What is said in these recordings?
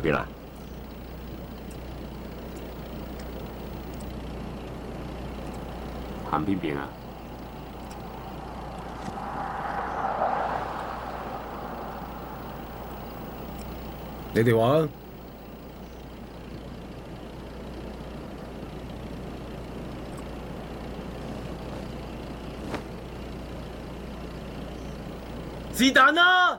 去邊啊？行邊邊啊？你哋話啦，是但啦。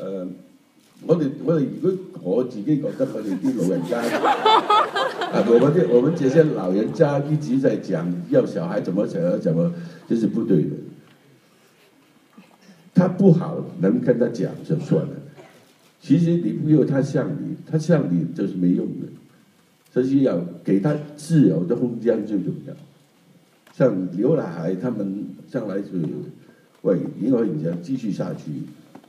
呃，我哋我哋如果我自己覺得我哋啲老人家，我覺得我們這些老人家一直在講要小孩怎麼怎麼怎麼，這就是不對的。他不好，能跟他講就算了。其實你不要他向你，他向你就是沒用的。就是要給他自由的空間最重要。像劉奶奶他們向來是會，因為你想繼續下去。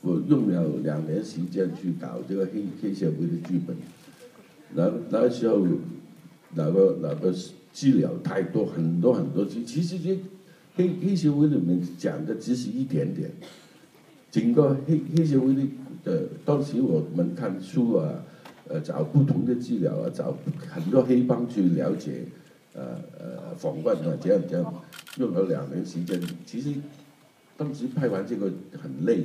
我用了兩年時間去搞這個黑黑社會的劇本，那那個時候那個那個資料太多，很多很多，其其實這黑黑社會裏面講的只是一點點，整個黑黑社會的，呃，當時我們看書啊，呃，找不同的資料啊，找很多黑幫去了解，呃，呃，訪問啊，這樣這樣，用了兩年時間，其實當時拍完這個很累。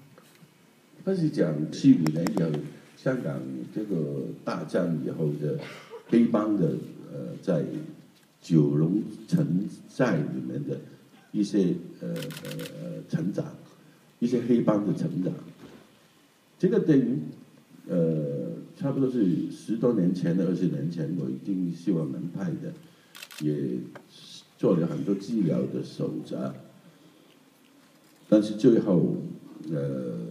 但是講四五年以後，香港這個大戰以後的黑幫的，呃，在九龍城寨裏面的一些，呃呃呃，成長，一些黑幫的成長，這個電影呃，差不多是十多年前的二十年前，我一定希望能拍的，也做了很多資料的蒐集。但是最後呃。